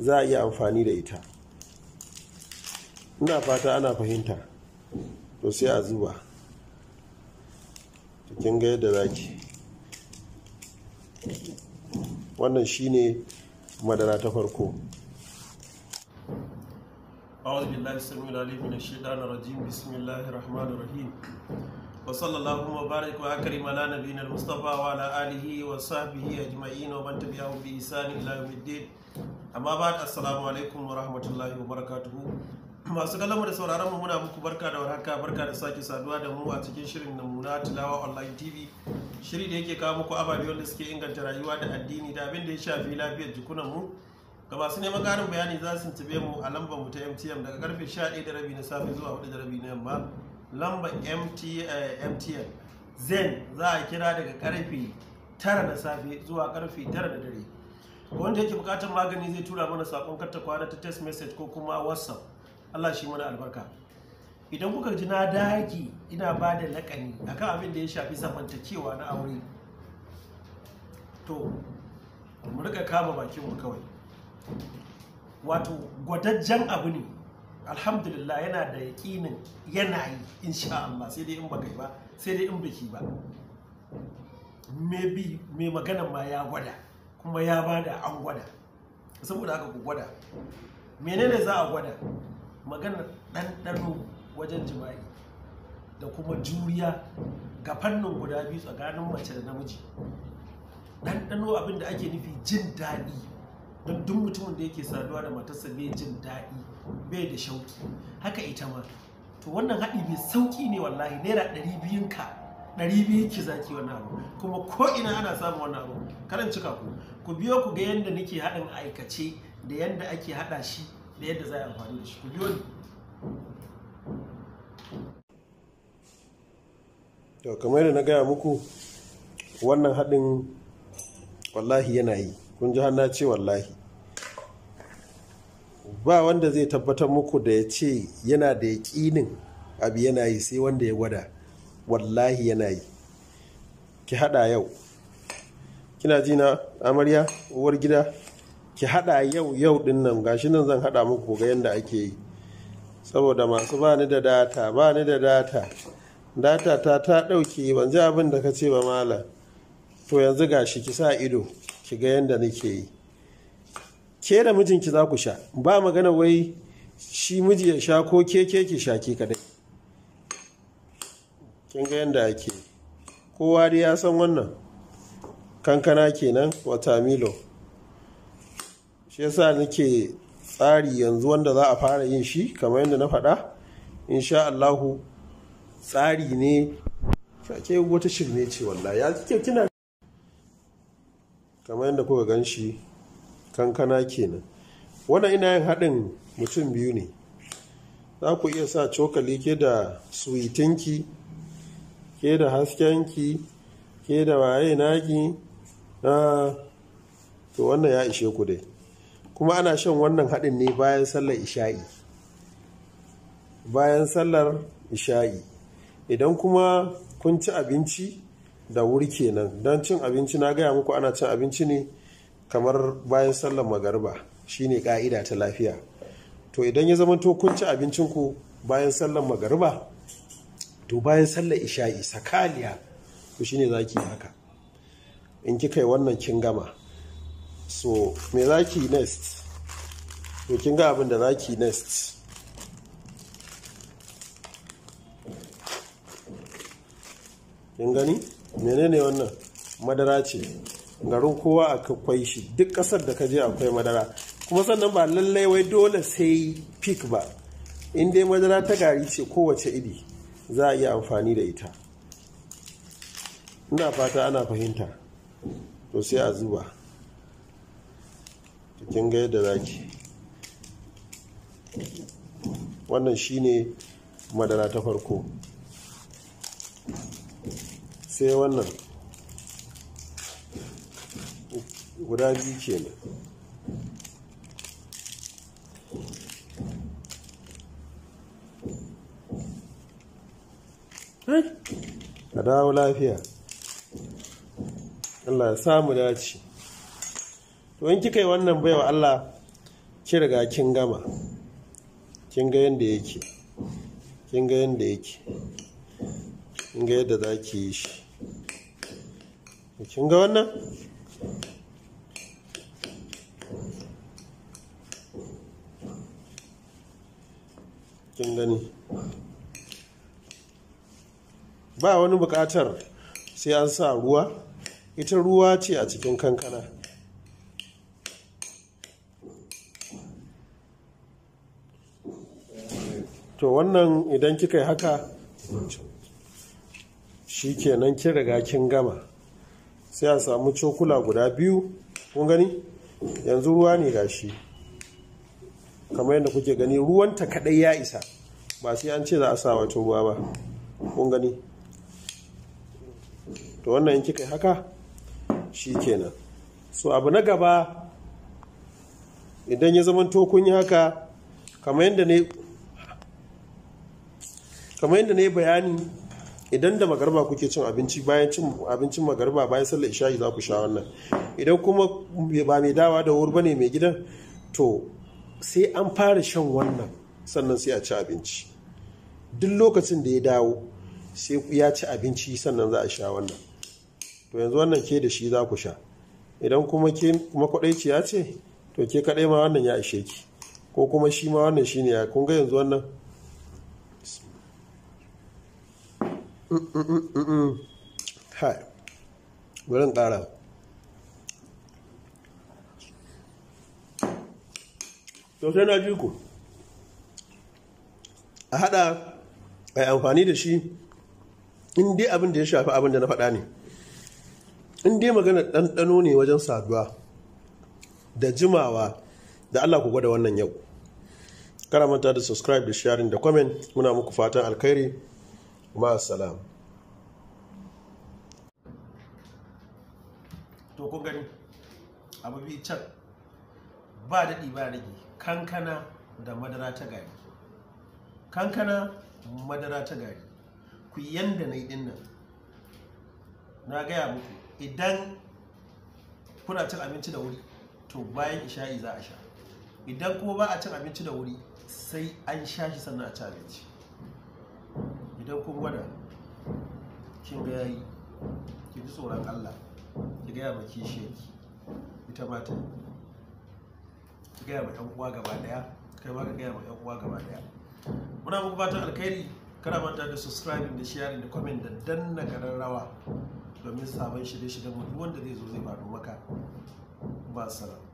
za a iya amfani da ita ina fata ana fahimta to sai a zuba cikin ga yadda za ki. wannan shi ne madara ta farko أعوذ بالله السميع العليم من الشيطان الرجيم بسم الله وصلى اللهم وبارك واكرم على نبينا المصطفى وعلى jima'i وصحبه اجمعين ومن تبعهم باحسان الى يوم الدين amma ba assalamu alaikum wa rahmatullahi wa barakatuhu masu kallon da sauraron mu muna muku barka da warhaka barka da sake saduwa da mu a cikin shirin Muna tilawa online tv shiri da yake kawo muku ababe da suke inganta rayuwa da addini da abin da ya shafi lafiyar jikunan mu ga masu neman karin bayani za su tabe mu a lambar mu ta mtm daga karfe 11 da rabi na safe zuwa 4 da rabi na yamma lambar mtn eh, zen za a kira daga karfe 9 na safe zuwa karfe 9 da dare wanda yake bukatar magani zai tura mana sakon karta ta text message ko kuma whatsapp allah shi mana albarka idan kuka ji na daki ina ba da lakani akan abin da ya shafi zamantakewa na aure to mu rika kama bakinmu kawai wato gwadajjen abu ne alhamdulillah yana da yakinin yana yi insha Allah sai dai in baka yi ba sai dai in baki ba maybe mai maganar ma ya gwada kuma ya bada an gwada saboda haka ku gwada menene za a gwada maganar ɗanɗano wajen jima'i da kuma juriya ga fannin guda biyu tsakanin mace da namiji ɗanɗano abin da ake nufi jin daɗi don duk mutumin da yake saduwa da matarsa bai jin daɗi bai da shauki haka ita ma to wannan haɗi mai sauki ne wallahi naira ɗari biyun ka ɗari biyu ki zaki wannan abu kuma ko ina ana samun wannan abu karan cika ku ku biyo ku ga yadda nake haɗin aikace da yadda ake haɗa shi da yadda za a amfani da shi ku biyo ni to kamar da na gaya muku wannan haɗin wallahi yana yi kun ji hannu ce wallahi ba wanda zai tabbatar muku da ya ce yana da yaƙinin abu yana yi sai wanda ya gwada wallahi yana yi ki hada yau kina ji na amarya uwar gida ki hada yau yau din nan gashi nan zan hada muku ga yadda ake yi saboda masu ba ni da data ba ni da data data ta ta dauke ban ji abin da ka ce ba mala to yanzu gashi ki sa ido ki ga yadda nake yi ke da mijinki za ku sha ba magana wai shi miji ya sha ko ke ke ki sha ke kadai kin ga yadda ake kowa dai ya san wannan kankana kenan watamilo. shi yasa nake tsari yanzu wanda za a fara yin shi kamar yadda na faɗa insha Allahu tsari ne ke wata shirme ce wallahi ya kina kamar yadda kuka gan shi kankana kenan wannan ina yin haɗin mutum biyu ne za ku iya sa cokali ke da suwitinki ke da haskenki ke da waye naki na to wannan ya ishe ku dai kuma ana shan wannan haɗin ne bayan sallar isha'i bayan sallar isha'i idan kuma kun ci abinci da wuri kenan don cin abinci na gaya muku ana cin abinci ne kamar bayan sallar magariba shine ka'ida ta lafiya to idan ya zama to kun ci abincinku bayan sallar magariba to bayan sallar isha'i sakaliya to shine zaki haka in kika yi wannan kin gama so me zaki next to kin ga abin da zaki next kin gani menene wannan madara ce garin kowa akwai shi duk ƙasar da ka je akwai madara kuma sannan ba lallai wai dole sai fik ba in dai madara ta gari ce kowace iri za a iya amfani da ita ina fata ana fahimta to sai a zuba cikin ga yadda zaki wannan shine madara ta farko sai wannan guda biyu ne A dawo lafiya allah ya samu dace to in kika yi wannan baiwa allah ki riga kin gama kin ga yadda yake kin ga yadda yake kin ga yadda za ki yi shi kin ga wannan kin gani ba wani bukatar sai an sa ruwa ita ruwa ce a cikin kankana to wannan idan kika yi haka shi kenan kin riga kin gama sai a samu cokula guda biyu kun gani yanzu ruwa ne gashi kamar yadda kuke gani ruwanta kadai ya isa ba sai an ce za a sa wato ruwa ba kun gani to wannan in kika haka shi kenan so abu na gaba idan ya zama tokun yi haka kamar yadda ne bayani idan da magarba kuke cin abinci bayan cin abincin magarba bayan sallar isha'i za ku sha wannan idan kuma ba mai dawa da wuri bane mai gidan to sai an fara shan wannan sannan sai a ci abinci duk lokacin da ya dawo sai ya ci abinci sannan za a sha wannan to yanzu wannan ke da shi za ku sha idan kuma ke kuma ce to ke kadai ma wannan ya ishe ki ko kuma shi ma wannan shine ya kun ga yanzu wannan hai wurin ƙara to sai na ji ku a haɗa a amfani da shi in dai abin da ya shafi abin da na faɗa ne in dai magana ɗanɗano ne wajen saduwa da jimawa da allah ku gwada wannan yau manta da subscribe da sharing da comment muna muku fatan alkhairi ma'asalam to kun gani abu bi can ba daɗi ba rage kankana da madara ta gari kankana madara ta gari ku yanda na yi dinnan na gaya muku idan kuna cin abinci da wuri to bayan isha'i za a sha idan kuma ba a cin abinci da wuri sai an sha shi sannan a ci abinci idan kun gwada kin ga yayi ki ji tsoron Allah ki gaya ma ki ita ma ta ki gaya ma 'yan uwa gaba daya kai ma ka gaya ma 'yan uwa gaba daya muna muku fatan alkhairi kana manta da subscribing da sharing da comment da danna rawa domin sabon shirye-shiryen mu wanda zai zo zai faɗo maka ba salam